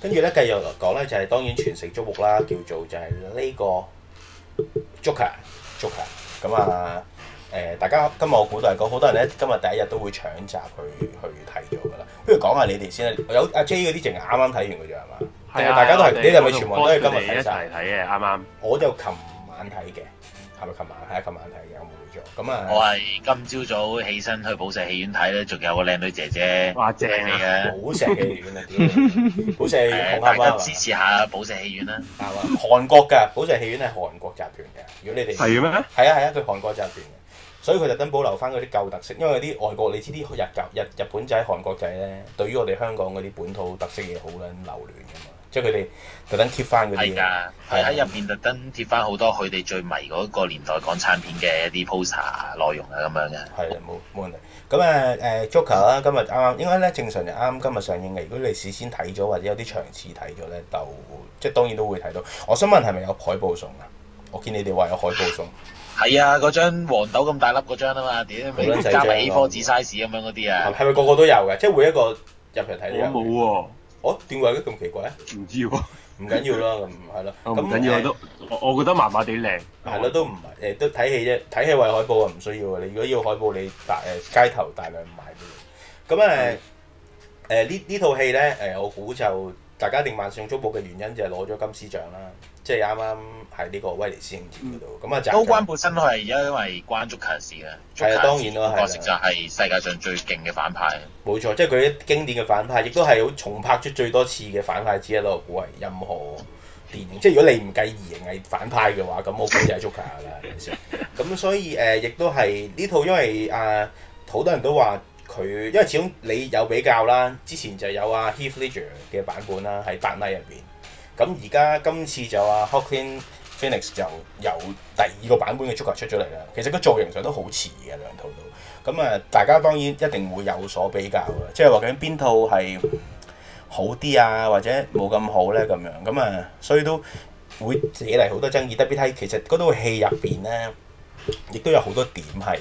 跟住咧，繼續嚟講咧，就係當然全城矚目啦，叫做就係呢個 Joker，Joker。咁啊，誒、呃，大家今日我估到嚟講，好多人咧今日第一日都會搶閘去去睇咗噶啦。不如講下你哋先啦。有阿 J 嗰啲淨係啱啱睇完嘅咋係嘛？定係、啊、大家都係？你哋係咪全部都係今日睇晒睇嘅？啱啱？啊啊、我就琴晚睇嘅，係咪琴晚？係啊，琴晚睇。咁啊！我係今朝早起身去寶石戲院睇咧，仲有個靚女姐姐，哇正你啊，寶石戲院啊，點？寶石， 大家支持下寶石戲院啦，啊！咁、嗯、吧韓國嘅寶石戲院係韓國集團嘅，如果你哋係咩？係啊係啊，佢、啊、韓國集團嘅，所以佢特登保留翻嗰啲舊特色，因為啲外國你知啲日日日、日、日、日本仔、韓國仔咧，對於我哋香港嗰啲本土特色嘢好撚留戀嘅嘛。即係佢哋特登貼翻嗰啲係㗎，係喺入面特登貼翻好多佢哋最迷嗰個年代港產片嘅一啲 post、啊、內容啊，咁樣嘅係冇冇問題。咁、呃、啊 Joker 啦，今日啱啱應該咧正常就啱啱今日上映嘅。如果你事先睇咗或者有啲場次睇咗咧，就即係當然都會睇到。我想問係咪有海報送啊？我見你哋話有海報送係啊，嗰 張黃豆咁大粒嗰張啊嘛，點、嗯、加埋幾顆子 size 咁樣嗰啲啊？係咪個個都有嘅？即係每一個入場睇到我冇喎、啊。哦，點解咁奇怪啊？唔知喎，唔緊要啦，咁係咯，唔緊要我都我，我覺得麻麻地靚，係咯、嗯，都唔係誒，都睇戲啫，睇戲為海報啊，唔需要啊。你如果要海報，你大誒、呃、街頭大量買嘅。咁誒誒呢呢套戲咧誒，我估就大家定萬眾矚目嘅原因就係攞咗金獅獎啦。即係啱啱喺呢個威尼斯影展嗰度，咁啊、嗯！樣高官本身都係因為關 Joker 事啊，係的 Joker 當然咯，角色就係世界上最勁嘅反派。冇錯，即係佢啲經典嘅反派，亦都係好重拍出最多次嘅反派之一咯。估係任何電影，即係如果你唔計異形嘅反派嘅話，咁我估就係 Joker 啦。咁 所以誒、呃，亦都係呢套，因為啊，好、呃、多人都話佢，因為始終你有比較啦，之前就有啊 Heath Ledger 嘅版本啦，喺百拉入邊。咁而家今次就啊 Joaquin Phoenix 就由第二個版本嘅 Joker 出咗嚟啦。其實個造型上都好似嘅兩套都。咁啊，大家當然一定會有所比較啦。即係話究竟邊套係好啲啊，或者冇咁好咧，咁樣，咁啊，所以都會惹嚟好多爭議，特別係其實嗰套戲入邊咧，亦都有好多點係。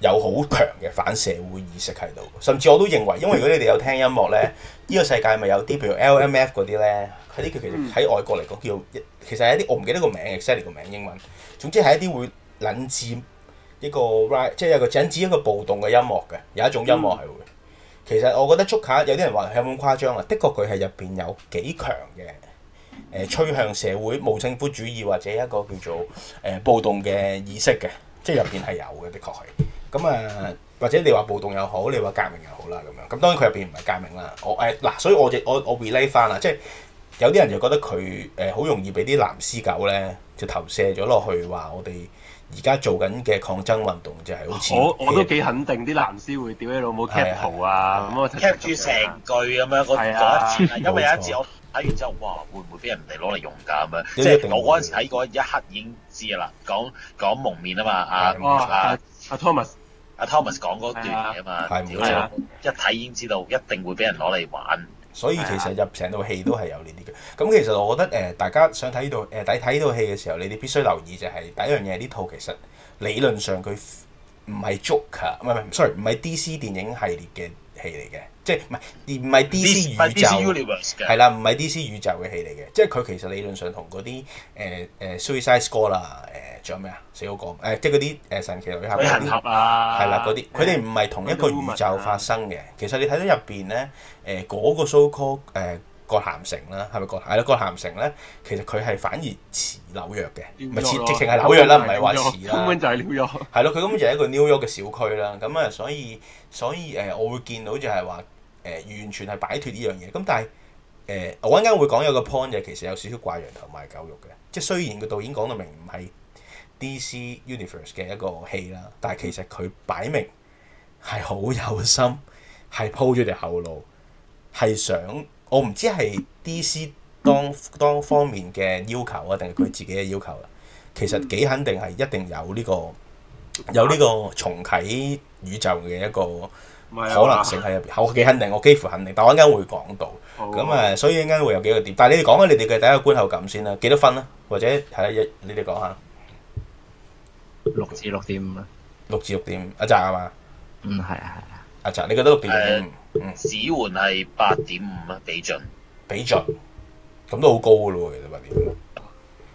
有好強嘅反社會意識喺度，甚至我都認為，因為如果你哋有聽音樂咧，呢、這個世界咪有啲譬如 L M F 嗰啲咧，佢啲叫其實喺外國嚟講叫，其實係一啲我唔記得個名，exactly 個名英文。總之係一啲會引致一個 riot 即係有個引致一個暴動嘅音樂嘅，有一種音樂係會。其實我覺得 Joker 有啲人話有冇咁誇張啊？的確佢係入邊有幾強嘅，誒、呃、趨向社會、無政府主義或者一個叫做誒、呃、暴動嘅意識嘅。即係入邊係有嘅，的確係咁啊，或者你話暴動又好，你話革命又好啦咁樣。咁當然佢入邊唔係革命啦。我誒嗱、哎，所以我就我我 relief 翻啦。即係有啲人就覺得佢誒好容易俾啲藍絲狗咧就投射咗落去話我哋而家做緊嘅抗爭運動就係好似，我我都幾肯定啲藍絲會屌你老母 cap 圖啊，咁我 cap 住成句咁樣嗰一次，因為有一次我。睇完之後，哇，會唔會俾人哋攞嚟用噶咁樣？即係我嗰陣時睇嗰一刻已經知啦，講講蒙面啊嘛，阿阿阿 Thomas 阿 Thomas 講嗰段嘢啊嘛，表象、啊啊、一睇已經知道，一定會俾人攞嚟玩。所以其實入成套戲都係有呢啲嘅。咁 其實我覺得誒、呃，大家想睇呢、呃、套誒，喺睇呢套戲嘅時候，你哋必須留意就係、是、第一樣嘢，呢套其實理論上佢唔係 Joker 唔係唔 sorry，唔係 DC 電影系列嘅。戲嚟嘅，即係唔係唔係 DC 宇宙，係啦，唔係 DC 宇宙嘅戲嚟嘅，即係佢其實理論上同嗰啲誒誒 Suicide Squad 啦，誒、呃、仲、呃呃、有咩啊？死好哥，誒、呃、即係嗰啲誒神奇女俠嗰啲，啦嗰啲，佢哋唔係同一個宇宙發生嘅。啊、其實你睇到入邊咧，誒、呃、嗰、嗰個 so-called 誒。呃葛咸城啦，係咪葛？係咯，葛咸城咧，其實佢係反而似紐約嘅，唔係似直情係紐約啦，唔係話似啦。根本就係紐約。係咯，佢根本就係一個紐約嘅小區啦。咁、嗯、啊，所以所以誒、呃，我會見到就係話誒，完全係擺脫呢樣嘢。咁但係誒、呃，我陣間會講有個 point 就係，其實有少少掛羊頭賣狗肉嘅。即係雖然個導演講到明唔係 DC Universe 嘅一個戲啦，但係其實佢擺明係好有心，係鋪咗條後路，係想。我唔知係 DC 當當方面嘅要求啊，定係佢自己嘅要求啦。其實幾肯定係一定有呢、這個有呢個重啟宇宙嘅一個可能性喺入邊。好，幾肯定，我幾乎肯定。但我一陣會講到咁啊，所以一陣會有幾個點。但係你哋講下，你哋嘅第一個觀後感先啦，幾多分啦、啊？或者係一你哋講下六至六點五啦，六至六點五一咋啊嘛。嗯，係啊，係啊。阿查，你覺得個表演？指環係八點五啊，比盡。比盡，咁都好高噶咯喎！其實八點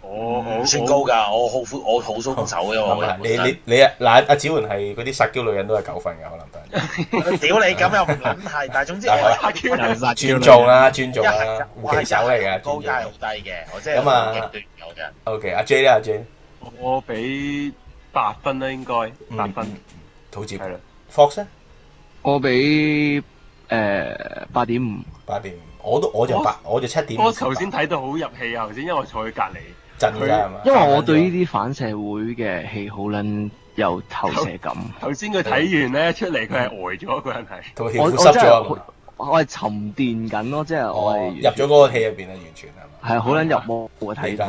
五，算高噶，我好我好鬆手嘅我。你你你啊，嗱阿指環係嗰啲撒嬌女人都係九分嘅，可能得。屌你咁又唔係，但係總之係撒嬌人撒。尊重啦，尊重啦，手嚟嘅，高低好低嘅，我真咁啊。有 O K，阿 J 咧？阿 J，我俾八分啦，應該八分，肚接。Fox？我俾誒八點五，八點五，我都我就八，我就七點五。我頭先睇到好入戲，頭先因為我坐佢隔籬，震，噶係嘛？因為我對呢啲反社會嘅戲好撚有投射感。頭先佢睇完咧，出嚟，佢係呆咗，個人係我我我係沉澱緊咯，即係我入咗嗰個戲入邊啊，完全係嘛？係好撚入喎，我睇到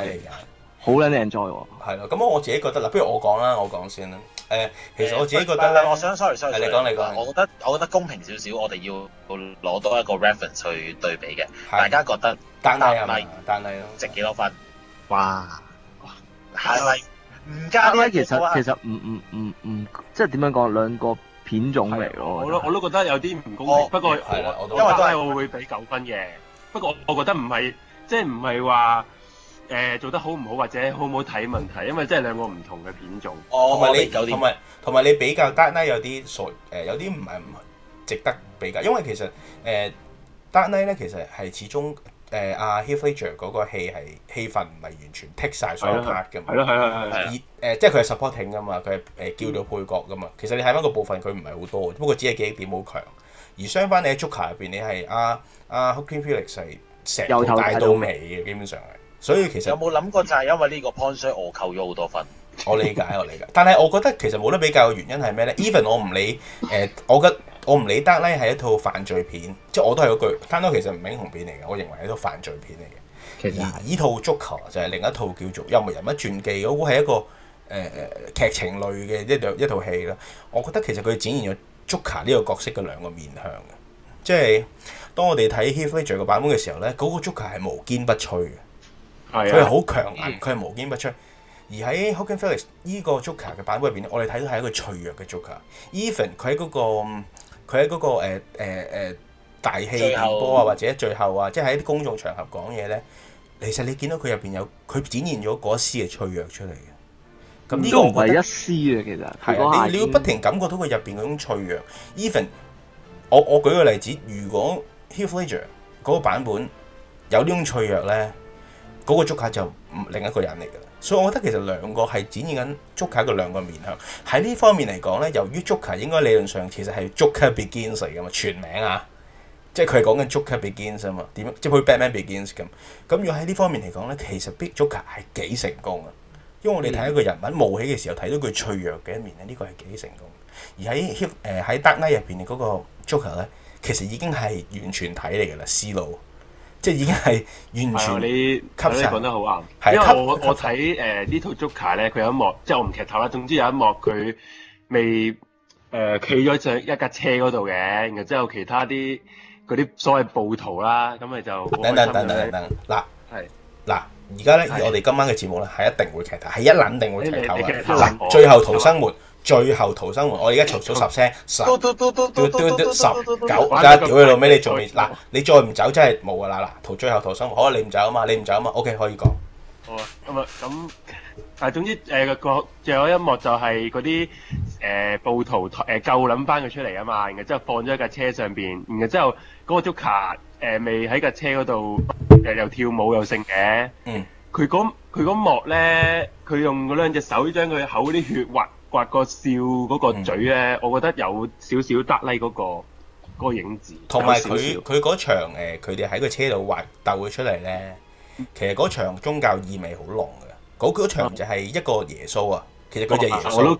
好撚靚在喎，係咯。咁我自己覺得啦，不如我講啦，我講先啦。誒，其實我自己覺得，我想 sorry sorry sorry 我覺得我覺得公平少少，我哋要攞多一個 reference 去對比嘅。大家覺得，但係但係，值幾多分？哇哇，係咪？唔加啲，其實其實唔唔唔唔，即係點樣講，兩個片種嚟咯。我我都覺得有啲唔公平，不過因為都係我會俾九分嘅。不過我覺得唔係，即係唔係話。誒做得好唔好或者好唔好睇問題，因為即係兩個唔同嘅片種。哦，同埋你同埋同埋你比較 Dark Knight 有啲衰，誒有啲唔係唔值得比較，因為其實誒 Dark Knight 咧其實係始終誒阿 Heath Ledger 嗰個戲係戲份唔係完全剔晒所有 part 嘅。係咯，係而即係佢係 supporting 㗎嘛，佢係誒叫做配角㗎嘛。其實你睇翻個部分佢唔係好多，不過只係記憶點好強。而相反你喺 Joker 入邊你係阿阿 Joaquin Phoenix 係成大到尾嘅，基本上係。所以其實有冇諗過就係因為呢個 point，所以我扣咗好多分。 我理解，我理解。但係我覺得其實冇得比較嘅原因係咩咧？Even 我唔理誒、呃，我嘅我唔理得咧係一套犯罪片，即係我都係嗰句，Dark Knight 其實唔係英雄片嚟嘅，我認為係一套犯罪片嚟嘅。而呢套 Joker 就係另一套叫做《幽默人物傳記》，嗰個係一個誒、呃、劇情類嘅一套一，套一套戲啦。我覺得其實佢展現咗 Joker 呢個角色嘅兩個面向嘅，即係當我哋睇 Heath Ledger 嘅版本嘅時候咧，嗰、那個 Joker 係無堅不摧嘅。佢係好強硬，佢係、嗯、無堅不摧。而喺 Joaquin Phoenix 依個 Joker 嘅版本入邊，我哋睇到係一個脆弱嘅 Joker。Even 佢喺嗰、嗰個，佢喺嗰個誒誒、呃呃、大氣波啊，後或者最後啊，即係喺啲公眾場合講嘢咧，其實你見到佢入邊有佢展現咗嗰一絲嘅脆弱出嚟嘅。咁、這、呢個唔係一絲啊，其實係啊，你你要不停感覺到佢入邊嗰種脆弱。Even 我我，我舉個例子，如果 Heath Ledger 嗰個版本有呢種脆弱咧。嗰個 Joker 就另一個人嚟㗎，所以我覺得其實兩個係展現緊 Joker 嘅兩個面向。喺呢方面嚟講咧，由於 Joker 應該理論上其實係 Joker begins 嚟㗎嘛，全名啊，即係佢係講緊 Joker begins 啊嘛。點樣？即係佢 Batman Begins 咁。咁要喺呢方面嚟講咧，其實 Big Joker 係幾成功啊，因為我哋睇一個人物冒起嘅時候，睇到佢脆弱嘅一面咧，呢、呢個係幾成功。而喺 Hugh 誒喺德拉入邊嗰個 Joker 咧，其實已經係完全體嚟㗎啦，思路。即係已經係完全吸、啊、你，你講得好啱。因為我我睇誒呢套《Joker》咧，佢有一幕，即係我唔劇透啦。總之有一幕佢未誒企咗上一架車嗰度嘅，然後之後其他啲嗰啲所謂暴徒你啦，咁咪就等等等等等。嗱，係嗱，而家咧，我哋今晚嘅節目咧係一定會劇透，係一撚定會劇透啦。最後逃生門。最後逃生門，我而家嘈嘈十聲，十，都都都十九，得啦，屌佢老味，你仲未嗱？你再唔走真係冇噶啦嗱，逃最後逃生門，好啊，你唔走啊嘛，你唔走啊嘛，O K，可以講。好啊，咁啊咁啊，總之誒個最後一幕就係嗰啲誒暴徒誒夠諗翻佢出嚟啊嘛，然後之後放咗一架車上邊，然後之後嗰個 Joker 誒未喺架車嗰度誒又跳舞又剩嘅，嗯，佢嗰佢嗰幕咧，佢用嗰兩隻手將佢口嗰啲血滑。刮個笑嗰個嘴咧，嗯、我覺得有少少德勒嗰個個影子。同埋佢佢嗰場誒，佢哋喺個車度玩鬥佢出嚟咧。其實嗰場宗教意味好濃噶，嗰嗰場就係一個耶穌啊。其實佢就係耶穌，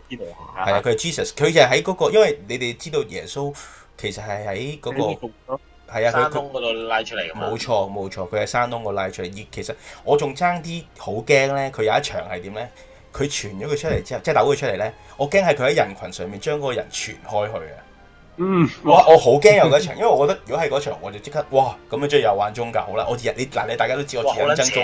係啊，佢係 Jesus，佢就係喺嗰個，因為你哋知道耶穌其實係喺嗰個係啊，山窿嗰度拉出嚟。冇錯冇錯，佢喺山窿個拉出嚟。而其實我仲爭啲好驚咧，佢有一場係點咧？佢傳咗佢出嚟之後，即係扭佢出嚟咧，我驚係佢喺人群上面將嗰個人傳開去啊！嗯，我我好驚有嗰場，因為我覺得如果喺嗰場，我就即刻哇，咁樣即係又玩宗教，好啦，我自你嗱你大家都知我自捻真宗，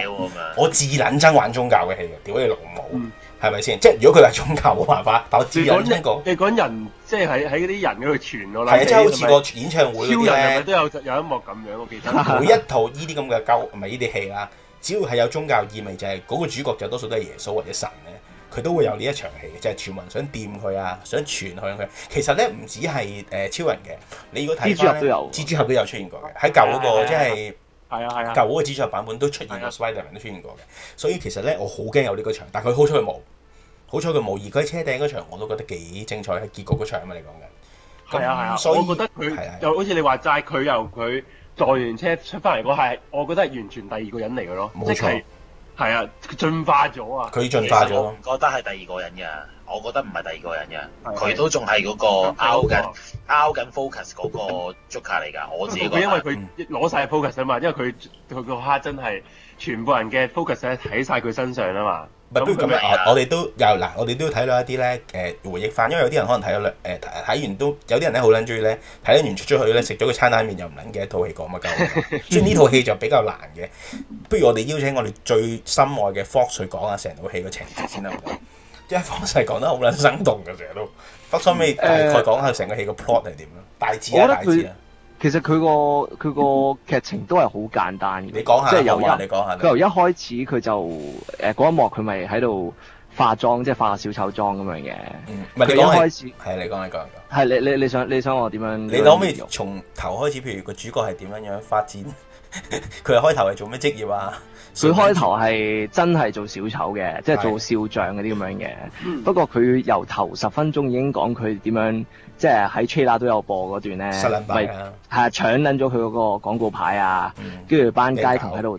我自捻真，真玩宗教嘅戲嘅，屌你老母，係咪先？即係如果佢係宗教，冇辦法，但我自捻你講人，即係喺喺嗰啲人嗰度傳咗啦，係啊，是即係好似個演唱會超人係咪都有有一幕咁樣？我記得每一套呢啲咁嘅交唔係呢啲戲啊，只要係有宗教意味，就係，就係嗰個主角就多數都係耶穌或者神咧。佢都會有呢一場戲嘅，就係全民想掂佢啊，想傳去佢。其實咧唔止係誒超人嘅，你如果睇翻蜘蛛俠都有出現過嘅，喺舊嗰個，即係係啊係啊，舊嗰個蜘蛛俠版本都出現過，Spiderman 都出現過嘅。所以其實咧，我好驚有呢個場，但係佢好彩佢冇，好彩佢冇，而佢喺車頂嗰場我都覺得幾精彩，係結局嗰場啊嘛，你講嘅係啊係啊。所以我覺得佢，就好似你話齋，佢由佢坐完車出翻嚟嗰係，我覺得係完全第二個人嚟嘅咯，冇錯。係啊，佢進化咗啊！佢進化咗，我唔覺得係第二個人嘅，我覺得唔係第二個人嘅，佢 都仲係嗰個凹緊凹緊 focus 嗰個 Joker 嚟㗎， 我自己。因為佢攞晒 focus 啊嘛，因為佢佢個蝦真係全部人嘅 focus 喺晒佢身上啊嘛。不如咁樣，我我哋都又嗱，我哋都要睇、啊啊、到一啲咧誒回憶翻，因為有啲人可能睇咗兩誒睇完都有啲人咧好撚鍾意咧，睇完出出去咧食咗個餐拉麵又唔撚記得一套戲講乜鳩，所以呢套戲就比較難嘅。不如我哋邀請我哋最深愛嘅 Fox 去講下成套戲個情節先啦， 因為 Fox 係講得好撚生動嘅成日都。Fox 可以大概講下成個戲個 plot 係點咯，大致啊大致啊。嗯其實佢個佢個劇情都係好簡單嘅，你講下即係下，你講下，佢由一開始佢就誒嗰一幕佢咪喺度化妝，即係化小丑妝咁樣嘅。嗯，唔係佢一開始係你講你講唔係你你你想你想我點樣？你可唔可以從頭開始？譬如個主角係點樣樣發展？佢開頭係做咩職業啊？佢開頭係真係做小丑嘅，即係做笑匠嗰啲咁樣嘅。不過佢由頭十分鐘已經講佢點樣。即係喺 c h a 都有播嗰段咧，咪係、啊就是、搶撚咗佢嗰個廣告牌啊，跟住、嗯、班搞街童喺度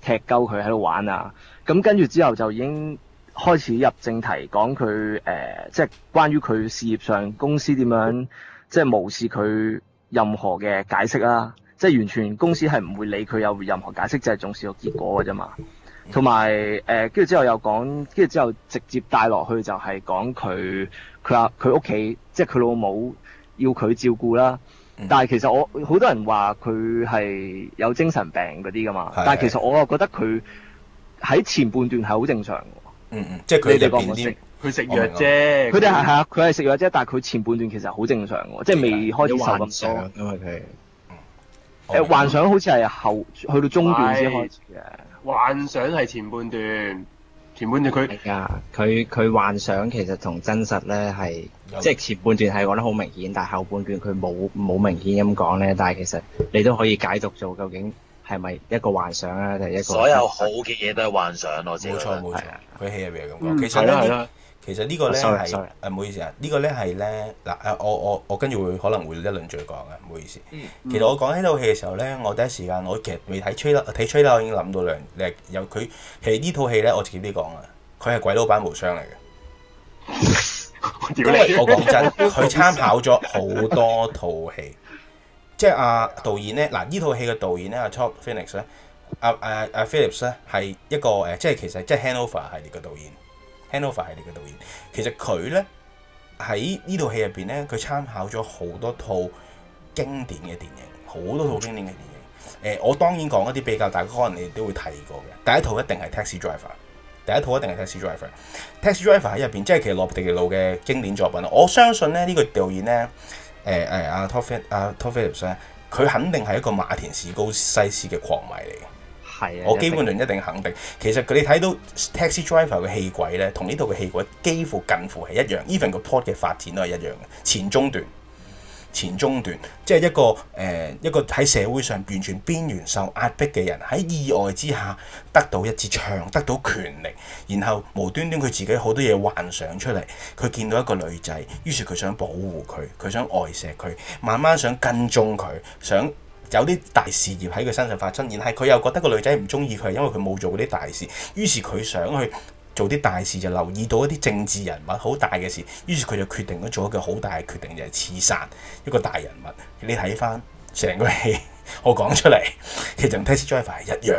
踢鳩佢喺度玩啊，咁跟住之後就已經開始入正題講佢誒、呃，即係關於佢事業上公司點樣，即係無視佢任何嘅解釋啦、啊，即係完全公司係唔會理佢有任何解釋，就係重視個結果嘅啫嘛。同埋誒，跟住之後又講，跟住之後直接帶落去就係講佢佢阿佢屋企，即係佢老母要佢照顧啦。嗯、但係其實我好多人話佢係有精神病嗰啲噶嘛，的但係其實我又覺得佢喺前半段係好正常嘅、嗯。即係佢哋講嗰啲，佢食藥啫。佢哋係係啊，佢係食藥啫，但係佢前半段其實好正常嘅，的即係未開始受咁多幻想因為佢誒，幻想好似係後去到中段先開始嘅。幻想係前半段，前半段佢，啊，佢佢幻想其實同真實咧係，有即係前半段係講得好明顯，但後半段佢冇冇明顯咁講咧，但係其實你都可以解讀做究竟係咪一個幻想咧，定係一個？所有好嘅嘢都係幻想，我知。冇錯冇錯，佢戲入面咁講。其實兩點。的的其實呢個咧係誒唔好意思、這個、啊，呢個咧係咧嗱誒我我我跟住會可能會一輪再講啊，唔好意思。其實我講呢套戲嘅時候咧，我第一時間我其實未睇《吹啦》。睇《吹啦》我已經諗到兩誒有佢。其實呢套戲咧，我自己都講啊，佢係鬼佬版無雙嚟嘅。 因為我講真，佢 參考咗好多套戲，即係啊導演咧嗱呢套戲嘅導演咧阿 Todd Phoenix 咧阿誒阿 Phillips 咧係一個誒即係其實即係 Hangover 系列嘅導演。啊啊啊啊 Hanover 係你嘅導演，其實佢咧喺呢套戲入邊咧，佢參考咗好多套經典嘅電影，好多套經典嘅電影。誒、呃，我當然講一啲比較大家可能你哋都會睇過嘅。第一套一定係 Taxi Driver，第一套一定係 Taxi Driver, Taxi Driver。Taxi Driver 喺入邊，即係其實迪尼路嘅經典作品。我相信咧呢、這個導演咧，誒誒阿 Todd、啊、Todd Phillips 佢肯定係一個馬田史高西斯嘅狂迷嚟。我基本就一定肯定。其實佢你睇到 taxi driver 嘅戲軌咧，同呢度嘅戲軌幾乎近乎係一樣。even 個 plot 嘅發展都係一樣嘅，前中段、前中段，即係一個誒、呃、一個喺社會上完全邊緣受壓迫嘅人，喺意外之下得到一支槍，得到權力，然後無端端佢自己好多嘢幻想出嚟。佢見到一個女仔，於是佢想保護佢，佢想愛錫佢，慢慢想跟蹤佢，想。有啲大事業喺佢身上發生，然後係佢又覺得個女仔唔中意佢，因為佢冇做嗰啲大事。於是佢想去做啲大事，就留意到一啲政治人物好大嘅事。於是佢就決定咗做一個好大嘅決定，就係、是、刺殺一個大人物。你睇翻成個戲，我講出嚟，其實同 Taxi Driver 係一樣，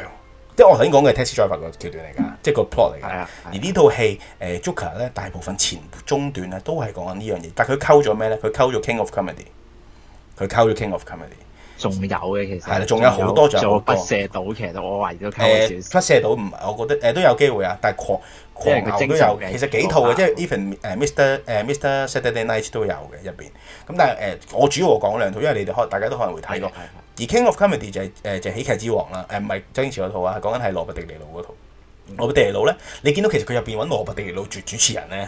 即係我頭先講嘅 Taxi Driver 個橋段嚟㗎，即係、嗯、個 plot 嚟㗎。啊啊、而呢套戲，誒 Joker 咧，大部分前中段咧都係講緊呢樣嘢，但係佢溝咗咩咧？佢溝咗 King of Comedy，佢溝咗 King of Comedy。仲有嘅其實，仲有好多仲輻射到，其實我懷疑都睇少。誒輻射到唔，我覺得誒、呃、都有機會啊。但係狂狂牛都有，嘅，其實幾套嘅，嗯、即係 even 誒 Mr 誒、呃、Mr Saturday Night 都有嘅入邊。咁但係誒、呃，我主要我講兩套，因為你哋可大家都可能會睇過。Okay. 而 King of Comedy 就係、係、誒、呃、就係、喜劇之王啦。誒唔係周星馳嗰套啊，講緊係羅伯迪尼路嗰套。羅伯迪尼路咧，你見到其實佢入邊揾羅伯迪尼路做主持人咧。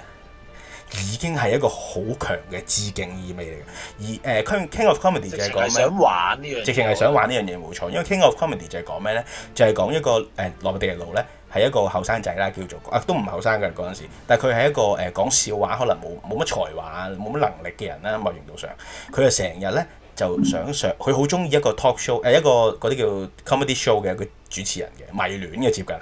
已經係一個好強嘅致敬意味嚟嘅，而誒《King of Comedy 就》就係講咩？直情係想玩呢樣。直情係想玩呢樣嘢冇錯，因為《King of Comedy 就》嗯、就係講咩咧？就係講一個誒羅地嘅路咧，係、嗯嗯呃、一個後生仔啦，叫做啊都唔係後生嘅。嗰陣時，但係佢係一個誒講、呃、笑話可能冇冇乜才華、冇乜能力嘅人啦，某程度上，佢就成日咧就想上，佢好中意一個 talk show 誒、呃、一個嗰啲叫 comedy show 嘅一個主持人嘅迷戀嘅接近係。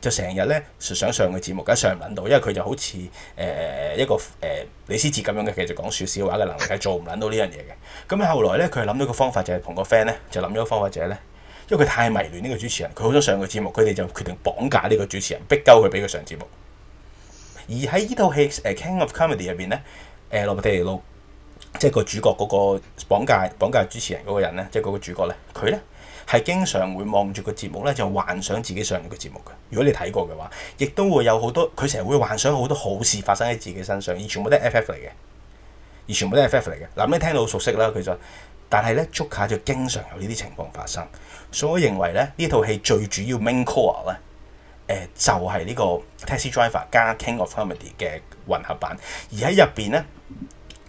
就成日咧想上個節目，梗係上唔撚到，因為佢就好似誒、呃、一個誒、呃、李思捷咁樣嘅，其實講説笑話嘅能力係做唔撚到呢樣嘢嘅。咁後來咧，佢係諗到一個方法，就係同個 friend 咧就諗咗個方法，就係咧，因為佢太迷戀呢、呢個主持人，佢好想上個節目，佢哋就決定綁架呢個主持人，逼鳩佢俾佢上佢節目。而喺呢套戲《誒 King of Comedy》入邊咧，誒羅拔迪尼路，即係個主角嗰個綁架綁架主持人嗰個人咧，即係嗰個主角咧，佢咧，係經常會望住個節目咧，就幻想自己上個節目嘅。如果你睇過嘅話，亦都會有好多佢成日會幻想好多好事發生喺自己身上，而全部都係 FF 嚟嘅，而全部都係 FF 嚟嘅。嗱，咩聽到好熟悉啦，佢就，但係咧，Joker 就經常有呢啲情況發生，所以我認為咧，呢套戲最主要 main core 咧，誒、呃、就係、是、呢個 taxi driver 加 king of comedy 嘅混合版。而喺入邊咧，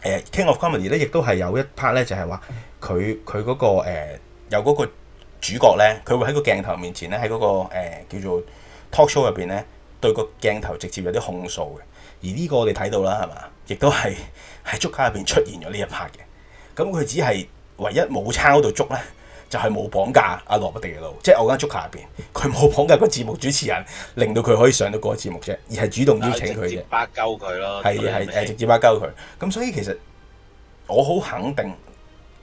誒、呃、king of comedy 咧，亦都係有一 part 咧，就係話佢佢嗰個有嗰個。呃主角咧，佢會喺個鏡頭面前咧，喺嗰、個、呃、叫做 talk show 入邊咧，對個鏡頭直接有啲控訴嘅。而呢個我哋睇到啦，係嘛？亦都係喺足卡入邊出現咗呢一 part 嘅。咁佢只係唯一冇抄到足咧，就係、係、冇綁架阿羅拔迪尼路，即係我間足卡入邊，佢冇綁架個節目主持人，令到佢可以上到個節目啫，而係主動邀請佢啫。直接巴鳩佢咯，係係係直接巴鳩佢。咁所以其實我好肯定。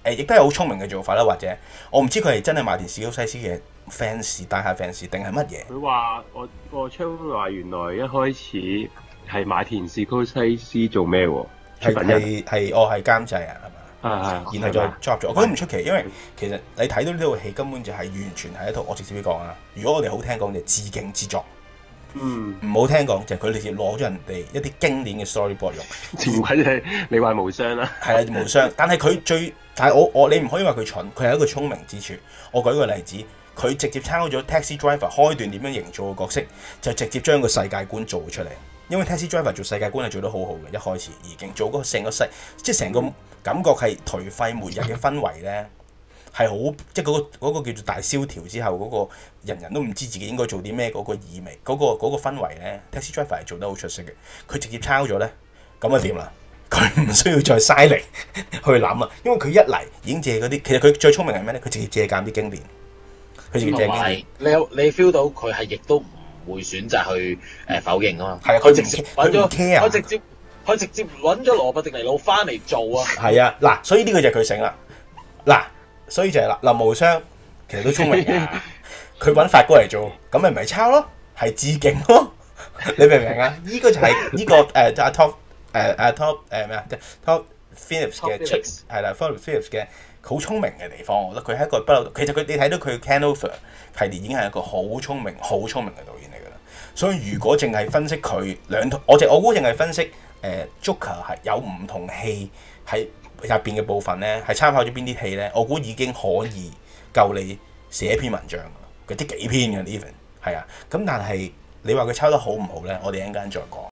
誒，亦都係好聰明嘅做法啦，或者我唔知佢係真係馬田史高西斯嘅 fans 大下 fans 定係乜嘢？佢話我我 Charles 話原來一開始係馬田史高西斯做咩？係係係我係監製人啊，係嘛？啊，然後再捉入咗，我覺得唔出奇，因為其實你睇到呢套戲根本就係完全係一套我直接講啊！如果我哋好聽講就致敬之作。嗯，唔好聽講，就係佢直接攞咗人哋一啲經典嘅 storyboard 用，前位就你話無雙啦，係啊 無雙，但係佢最，但係我我你唔可以話佢蠢，佢係一個聰明之處。我舉個例子，佢直接參考咗 Taxi Driver 開段點樣營造嘅角色，就直接將個世界觀做出嚟。因為 Taxi Driver 做世界觀係做得好好嘅，一開始已經做嗰成個世，即係成個感覺係頹廢末日嘅氛圍呢。係好即係嗰個、嗰個叫做大蕭條之後嗰、嗰個人人都唔知自己應該做啲咩嗰個意味嗰、嗰個、嗰個氛圍咧，Taxi Driver 係做得好出色嘅。佢直接抄咗咧，咁啊點啦？佢唔需要再嘥力去諗啊，因為佢一嚟已經借嗰啲。其實佢最聰明係咩咧？佢直接借鑒啲經典。佢直接借經典。你有你 feel 到佢係亦都唔會選擇去誒、呃、否認啊嘛？係啊，佢直接揾咗，佢直接佢直接揾咗羅伯迪尼路翻嚟做啊。係 啊，嗱，所以呢個就係佢醒啦，嗱。所以就係啦，林無雙其實都聰明嘅，佢搵 發哥嚟做，咁咪唔係抄咯，係致敬咯， 你明唔明啊？呢、這個就係呢、這個誒，就、uh, 阿 Top 誒、uh, 誒 Top 誒咩啊？Top Phillips 嘅出係啦，Follow Phillips 嘅好聰明嘅地方，我覺得佢係一個不老。其實佢你睇到佢 Hangover 系列已經係一個好聰明、好聰明嘅導演嚟㗎喇。所以如果淨係分析佢兩套，我淨我估淨係分析、uh, Joker 係有唔同戲係。入邊嘅部分咧，係參考咗邊啲戲咧？我估已經可以夠你寫一篇文章㗎啦，嗰啲幾篇嘅 even 係啊。咁但係你話佢抄得好唔好咧？我哋一陣間再講。